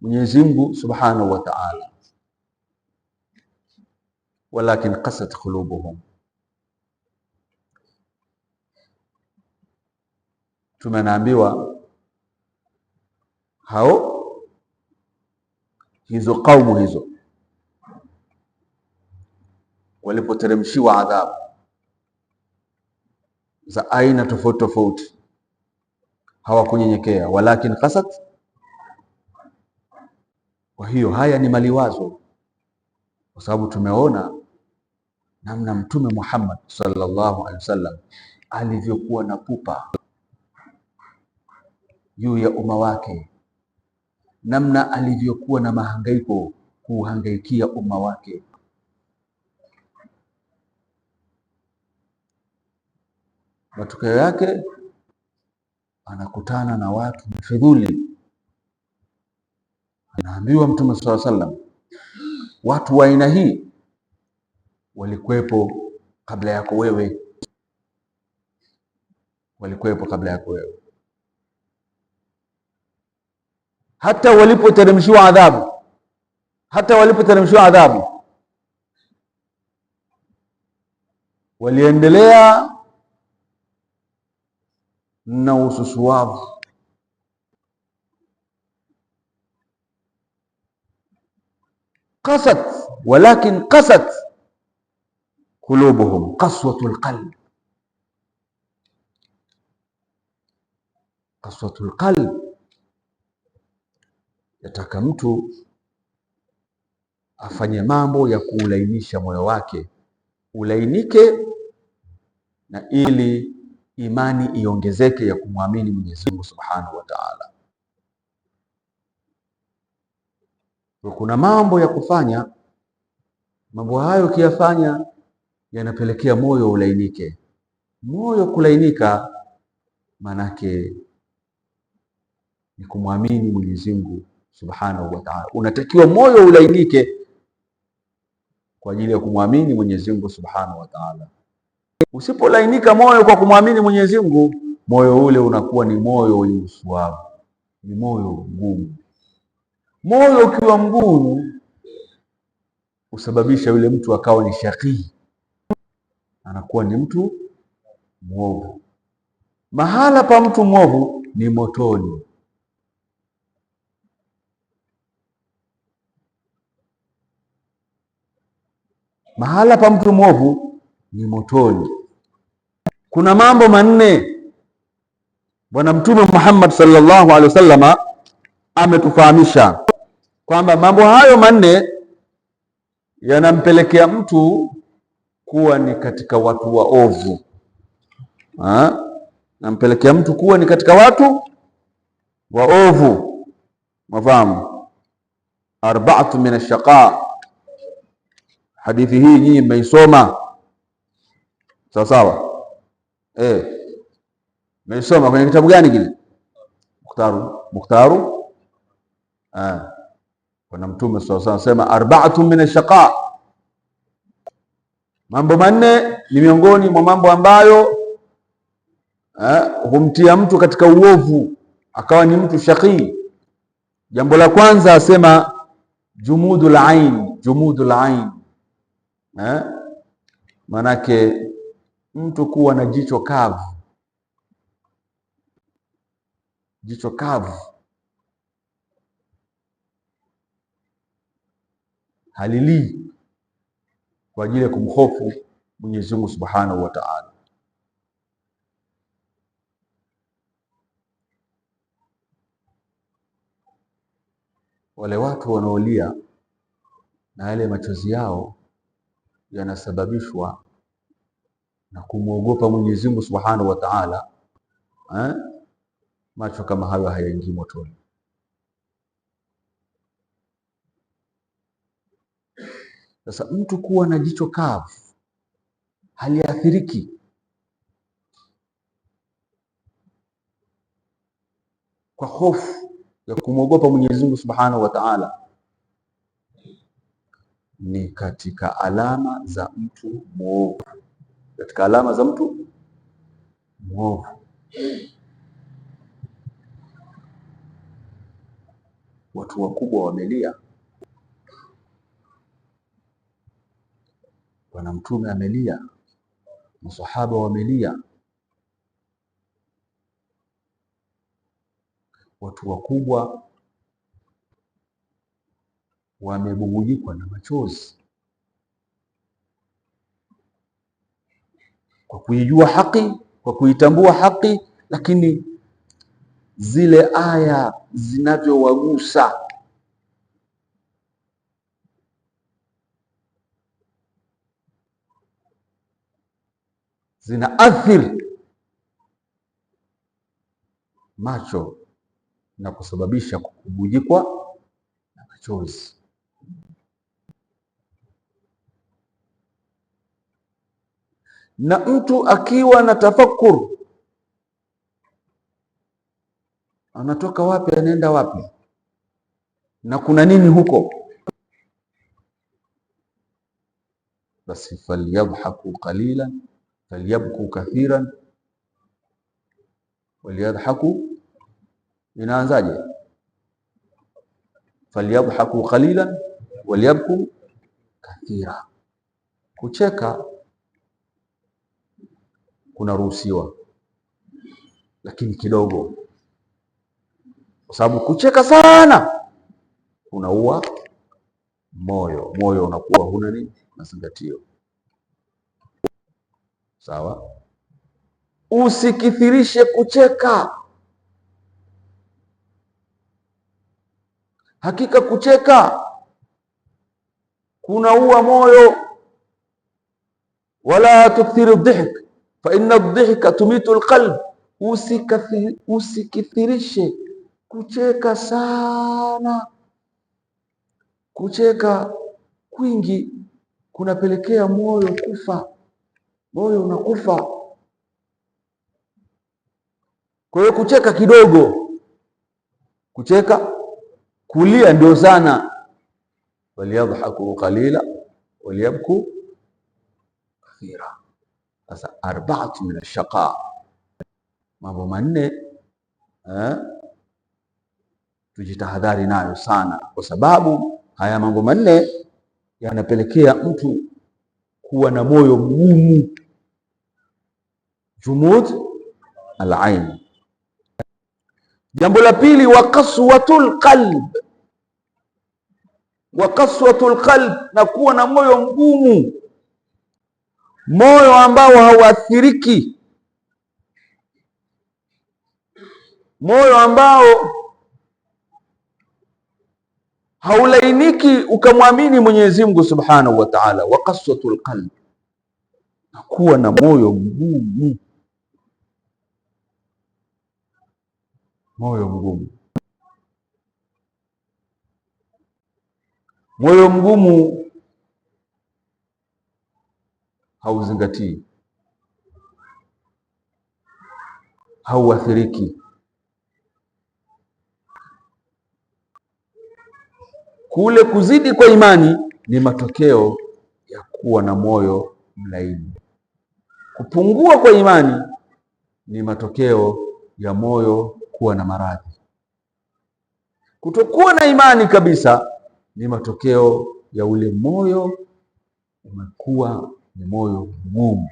Mwenyezi Mungu Subhanahu wa Ta'ala, walakin qasat qulubuhum, tumenaambiwa hao hizo kaumu hizo walipoteremshiwa adhabu za aina tofauti tofauti hawakunyenyekea, walakin qasat kwa hiyo haya ni maliwazo, kwa sababu tumeona namna Mtume Muhammad sallallahu alaihi wasallam alivyokuwa na pupa juu ya umma wake, namna alivyokuwa na mahangaiko kuuhangaikia umma wake. Matokeo yake anakutana na watu mfidhuli Anaambiwa Mtume swalla sallam, watu wa aina hii walikuwepo kabla yako wewe, walikuwepo kabla yako wewe. Hata walipoteremshiwa adhabu, hata walipoteremshiwa adhabu waliendelea na ususuavu qasat walakin qasat qulubuhum qaswatul qalb qaswatul qalb yataka mtu afanye mambo ya kuulainisha moyo wake ulainike, na ili imani iongezeke ya kumwamini Mwenyezi Mungu Subhanahu wa Ta'ala. Kwa kuna mambo ya kufanya, mambo hayo ukiyafanya yanapelekea moyo ulainike. Moyo kulainika maanake ni kumwamini Mwenyezi Mungu Subhanahu wa Ta'ala. Unatakiwa moyo ulainike kwa ajili ya kumwamini Mwenyezi Mungu Subhanahu wa Ta'ala. Usipolainika moyo kwa kumwamini Mwenyezi Mungu, moyo ule unakuwa ni moyo wenye usuavu, ni moyo mgumu. Moyo ukiwa mgumu husababisha yule mtu akawa ni shakii anakuwa ni mtu mwovu. Mahala pa mtu mwovu ni motoni. Mahala pa mtu mwovu ni motoni. Kuna mambo manne Bwana Mtume Muhammad sallallahu alaihi wasallama ametufahamisha kwamba mambo hayo manne yanampelekea mtu kuwa ni katika watu waovu, nampelekea mtu kuwa ni katika watu waovu. Mafahamu arbaatu min ashaqa. Hadithi hii nyinyi mmeisoma sawa sawa, eh, mmeisoma kwenye kitabu gani kile? Mukhtaru, Mukhtaru, ah Bwana Mtume swalla anasema arbaatun min ashaqa, mambo manne ni miongoni mwa mambo ambayo eh, humtia mtu katika uovu akawa ni mtu shaqii. Jambo la kwanza asema jumudul ain, jumudul ain eh, manake mtu kuwa na jicho kavu, jicho kavu halilii kwa ajili ya kumhofu Mwenyezi Mungu Subhanahu wa Ta'ala. Wale watu wanaolia na yale machozi yao yanasababishwa na kumwogopa Mwenyezi Mungu Subhanahu wa Ta'ala, eh? macho kama hayo hayaingii motoni. Sasa mtu kuwa na jicho kavu haliathiriki. Kwa hofu ya kumwogopa Mwenyezi Mungu Subhanahu wa Ta'ala ni katika alama za mtu mwovu, katika alama za mtu mwovu. Watu wakubwa wamelia Bwana Mtume amelia, masahaba wamelia, watu wakubwa wamebubujikwa na machozi kwa kuijua haki, kwa kuitambua haki, lakini zile aya zinavyowagusa zinaathiri macho na kusababisha kububujikwa na machozi. Na mtu akiwa na tafakur anatoka wapi, anaenda wapi, na kuna nini huko? Basi falyadhaku qalilan falyabku kathiran waliyadhaku, inaanzaje? falyadhaku qalilan waliyabku kathira, kucheka kunaruhusiwa lakini kidogo, kwa sababu kucheka sana unaua moyo. Moyo unakuwa huna nini, mazingatio. Sawa, usikithirishe kucheka. Hakika kucheka kunaua moyo. Wala tukthiru dhihk fa inna dhihka tumitu alqalb, usikithirishe kucheka sana. Kucheka kwingi kunapelekea moyo kufa moyo unakufa. Kwa hiyo kucheka kidogo, kucheka, kulia ndio sana. waliyadhaku qalila waliyabku kathira. Sasa arbaatu min ashaqa, mambo manne eh, tujitahadhari nayo sana, kwa sababu haya mambo manne yanapelekea mtu kuwa na moyo mgumu, jumud alain. Jambo la pili, wa kaswatul qalb, wa kaswatul qalb, na kuwa na moyo mgumu, moyo ambao hauathiriki, moyo ambao haulainiki ukamwamini Mwenyezi Mungu Subhanahu wa Ta'ala, wa qaswatul qalb, na kuwa na moyo mgumu, moyo mgumu, moyo mgumu hauzingatii, hauathiriki Kule kuzidi kwa imani ni matokeo ya kuwa na moyo mlaini. Kupungua kwa imani ni matokeo ya moyo kuwa na maradhi. Kutokuwa na imani kabisa ni matokeo ya ule moyo umekuwa ni moyo mgumu,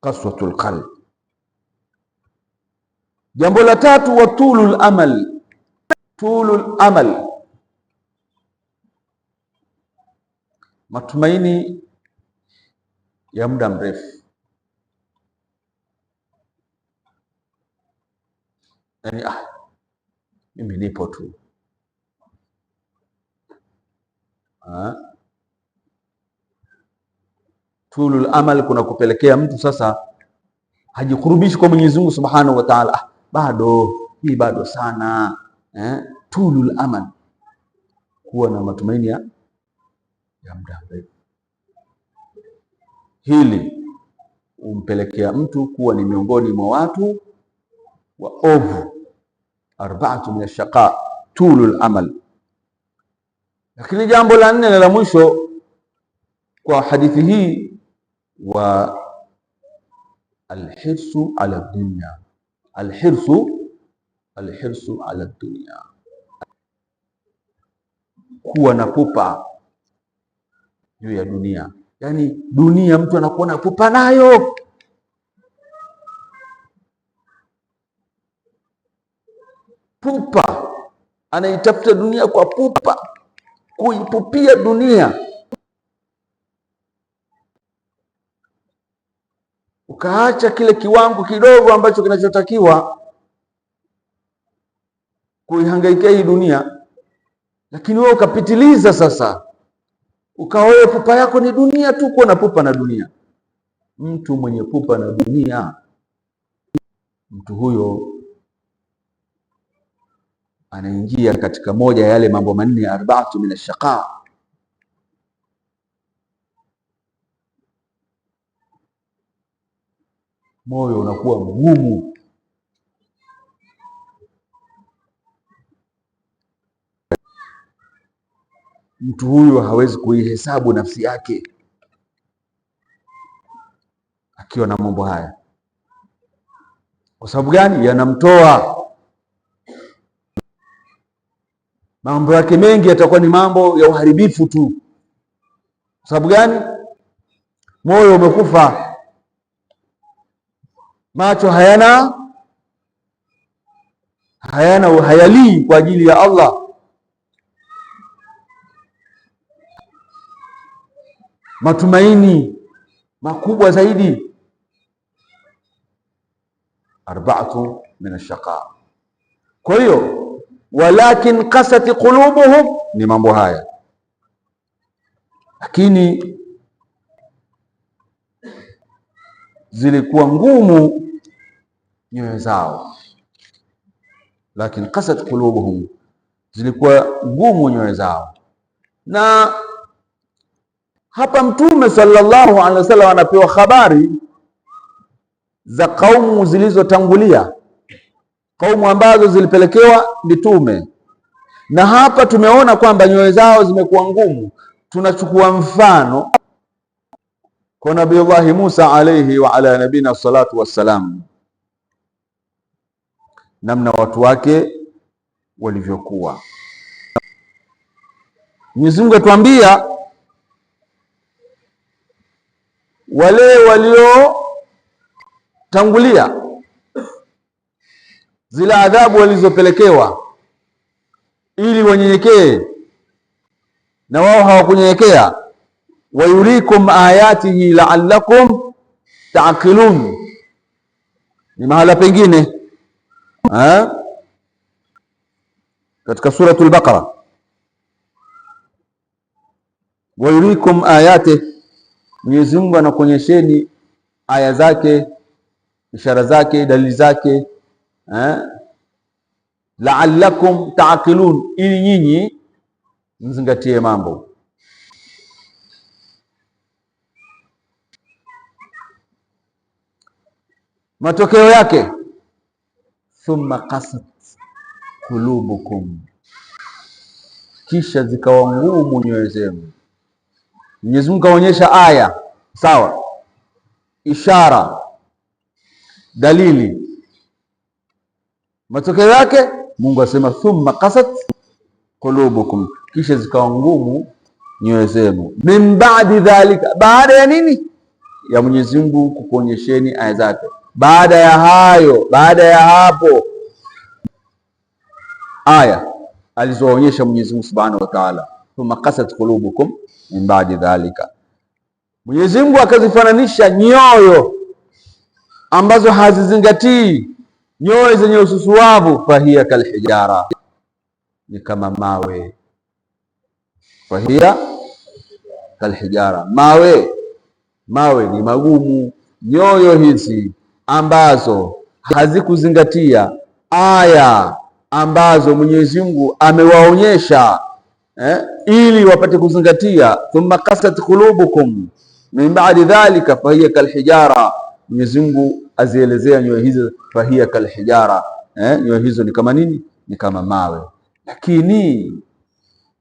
kaswatul qalb. Jambo la tatu, watulul amal tulul amal, matumaini ya muda mrefu, Yani, ah, mimi nipo tu ah. Tulul amal kuna kupelekea mtu sasa hajikurubishi kwa Mwenyezi Mungu Subhanahu wa Ta'ala. Ah, bado hii bado sana eh, tulul amal, kuwa na matumaini ya muda mrefu. Hili umpelekea mtu kuwa ni miongoni mwa watu wa ovu, arbaatu min ashaqa, tulul amal. Lakini jambo la nne na la mwisho kwa hadithi hii wa alhirsu ala dunya, alhirsu alhirsu ala dunia, kuwa na pupa juu ya dunia. Yaani dunia mtu anakuwa na pupa nayo, pupa anaitafuta dunia kwa pupa, kuipupia dunia ukaacha kile kiwango kidogo ambacho kinachotakiwa kuihangaikia hii dunia, lakini wewe ukapitiliza sasa, ukawa wewe pupa yako ni dunia tu, kuwa na pupa na dunia. Mtu mwenye pupa na dunia, mtu huyo anaingia katika moja ya yale mambo manne ya arbaatu min ashaqa. Moyo unakuwa mgumu mtu huyu hawezi kuihesabu nafsi yake akiwa na mambo haya. Kwa sababu gani? Yanamtoa. Mambo yake mengi yatakuwa ni mambo ya uharibifu tu. Kwa sababu gani? Moyo umekufa, macho hayana hayana hayalii kwa ajili ya Allah matumaini makubwa zaidi. Arbaatu min ashaqa. Kwa hiyo walakin kasati qulubuhum, ni mambo haya, lakini zilikuwa ngumu nyoyo zao. Lakin kasat qulubuhum, zilikuwa ngumu nyoyo zao na hapa Mtume sallallahu alaihi wasallam anapewa habari za kaumu zilizotangulia, kaumu ambazo zilipelekewa mitume, na hapa tumeona kwamba nyoyo zao zimekuwa ngumu. Tunachukua mfano kwa nabiullahi Musa alaihi wa ala nabina salatu wassalam, namna watu wake walivyokuwa. Mwenyezi Mungu atuambia wale waliotangulia zile adhabu walizopelekewa, ili wanyenyekee, na wao hawakunyenyekea. Wayurikum ayatihi la'allakum ta'qilun, ni mahala pengine ha? katika Suratul Baqara, wayurikum ayatihi Mwenyezi Mungu anakuonyesheni aya zake, ishara zake, dalili zake eh? La'allakum ta'qilun, ili nyinyi mzingatie mambo. Matokeo yake thumma qasat kulubukum kisha zikawa ngumu nyoyo zenu Mwenyezi Mungu kaonyesha aya, sawa, ishara, dalili, matokeo yake Mungu asema thumma qasat qulubukum, kisha zikawa ngumu nyoyo zenu. Min ba'di dhalika, baada ya nini? Ya Mwenyezi Mungu kukuonyesheni aya zake. Baada ya hayo, baada ya hapo, aya alizoonyesha Mwenyezi Mungu Subhanahu wa Ta'ala thumma qasat qulubukum min ba'di dhalika. Mwenyezi Mungu akazifananisha nyoyo ambazo hazizingatii, nyoyo zenye ususuavu, fahiya kalhijara, ni kama mawe. Fahiya kalhijara, mawe mawe ni magumu. Nyoyo hizi ambazo hazikuzingatia aya ambazo Mwenyezi Mungu amewaonyesha eh, ili wapate kuzingatia. Thumma kasat qulubukum min ba'di dhalika fahiya kalhijara, Mwenyezi Mungu azielezea nyoyo hizo, fahiya kalhijara, eh, nyoyo hizo ni kama nini? Ni kama mawe. Lakini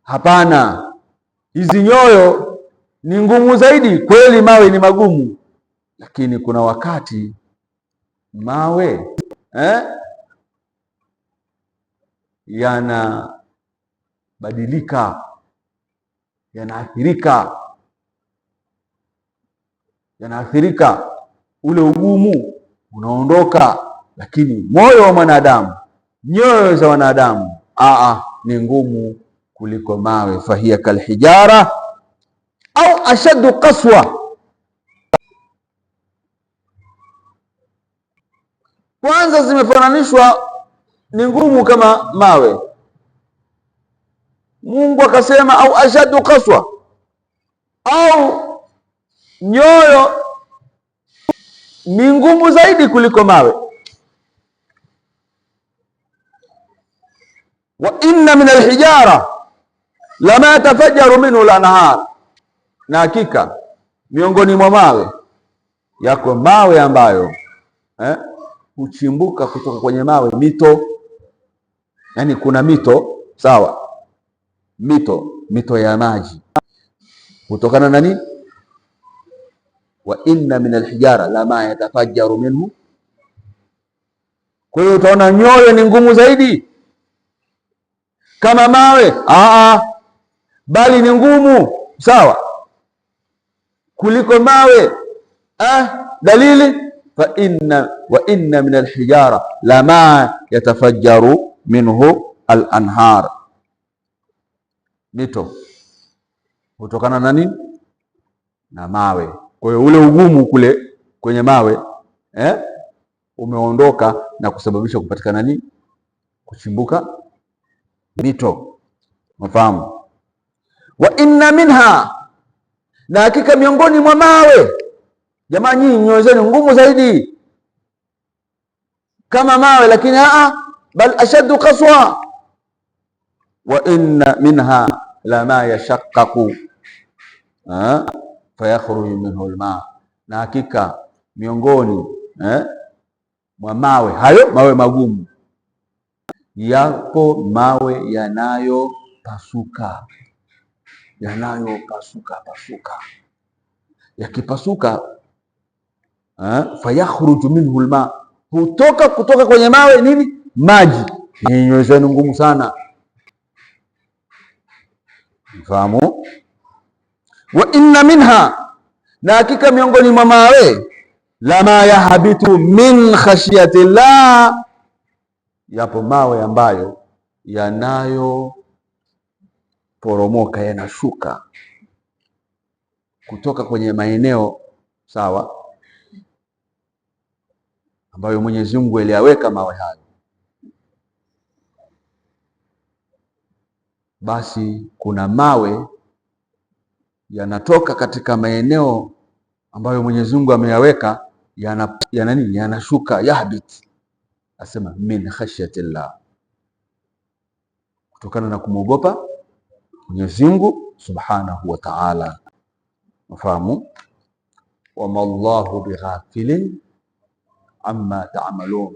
hapana, hizi nyoyo ni ngumu zaidi. Kweli mawe ni magumu, lakini kuna wakati mawe eh, yana yanabadilika, yanaathirika, yanaathirika, ule ugumu unaondoka, lakini moyo wa mwanadamu, nyoyo za wanadamu, aa, ni ngumu kuliko mawe. Fahiya kalhijara au ashaddu qaswa Kwanza zimefananishwa ni ngumu kama mawe. Mungu akasema au ashadu kaswa au nyoyo ni ngumu zaidi kuliko mawe. Wa inna min alhijara lama tafajjaru minhu lanhar, na hakika miongoni mwa mawe yako mawe ambayo eh, huchimbuka eh, kutoka kwenye mawe mito. Yani kuna mito sawa mito, mito ya maji kutokana na nini? wa inna min alhijara la ma yatafajaru minhu. Kwa hiyo utaona nyoyo ni ngumu zaidi kama mawe aa, bali ni ngumu sawa kuliko mawe eh. Dalili fa inna, wa inna min alhijara la ma yatafajaru minhu alanhar mito hutokana na nini? Na mawe. Kwa hiyo ule ugumu kule kwenye mawe eh, umeondoka na kusababisha kupatikana nini? Kuchimbuka mito. Mafahamu wa inna minha, na hakika miongoni mwa mawe. Jamaa nyinyi nyoezeni ngumu zaidi kama mawe, lakini a bal ashaddu qaswa wa inna minha lama yashaqqaqu fayakhruju minhu lma na hakika miongoni eh, mwa mawe hayo mawe magumu yako mawe yanayopasuka yanayopasuka pasuka, yakipasuka fayakhruju minhu lma hutoka kutoka kwenye mawe nini? Maji. Yenyewe ngumu sana Mfahamu? wa inna minha, na hakika miongoni mwa mawe lama yahabitu min khashyati llah, yapo mawe ambayo yanayoporomoka yanashuka kutoka kwenye maeneo sawa ambayo Mwenyezi Mungu aliyaweka mawe hayo basi kuna mawe yanatoka katika maeneo ambayo Mwenyezi Mungu ameyaweka, yana yana nini, yanashuka yahbit, asema min khashyatillah, kutokana na kumwogopa Mwenyezi Mungu subhanahu wa ta'ala. Mfahamu, wama Allahu bighafilin amma ta'malun,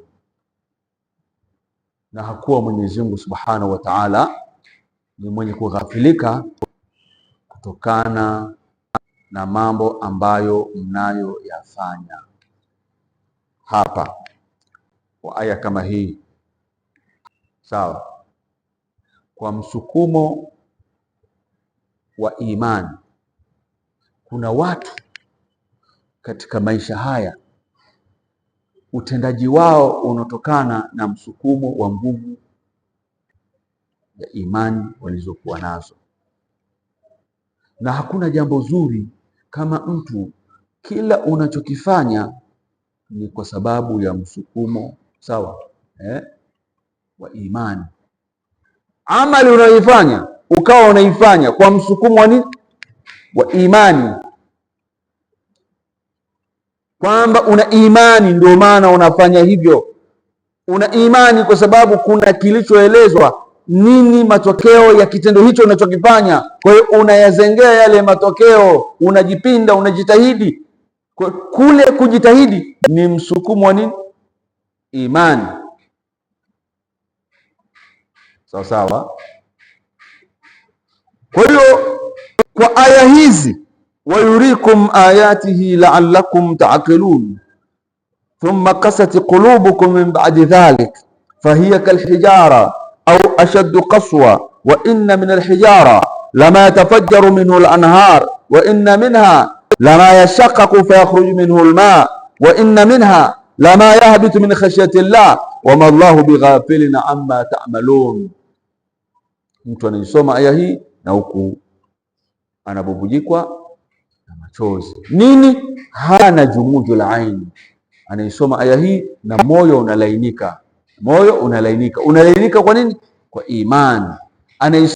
na hakuwa Mwenyezi Mungu subhanahu wa ta'ala ni mwenye kughafilika kutokana na mambo ambayo mnayoyafanya hapa kwa aya kama hii, sawa, kwa msukumo wa imani. Kuna watu katika maisha haya utendaji wao unaotokana na msukumo wa nguvu ya imani walizokuwa nazo. Na hakuna jambo zuri kama mtu kila unachokifanya ni kwa sababu ya msukumo sawa, eh, wa imani. Amali unayoifanya ukawa unaifanya kwa msukumo wa nini? Wa imani, kwamba una imani ndio maana unafanya hivyo. Una imani kwa sababu kuna kilichoelezwa nini matokeo ya kitendo hicho unachokifanya. Kwa hiyo unayazengea yale matokeo, unajipinda, unajitahidi. Kule kujitahidi ni msukumo wa nini? Imani. Sawa sawa. Kwa hiyo kwa aya hizi, wayurikum ayatihi la'allakum ta'qilun thumma kasat qulubukum min ba'di dhalik fahiya kalhijara au ashaddu qaswa wa inna min alhijara lama yatafajjaru minhu alanhar wa inna minha lama yashaqqaqu fayakhruju minhu alma wa inna minha lama yahbitu min khashyati llah wama llahu bighafilin amma ta'malun. Mtu anaisoma aya hii na huku anabubujikwa na machozi. Nini? Hana jumudu la anaisoma aya hii na moyo unalainika moyo unalainika. Unalainika kwa nini? Kwa imani anaisi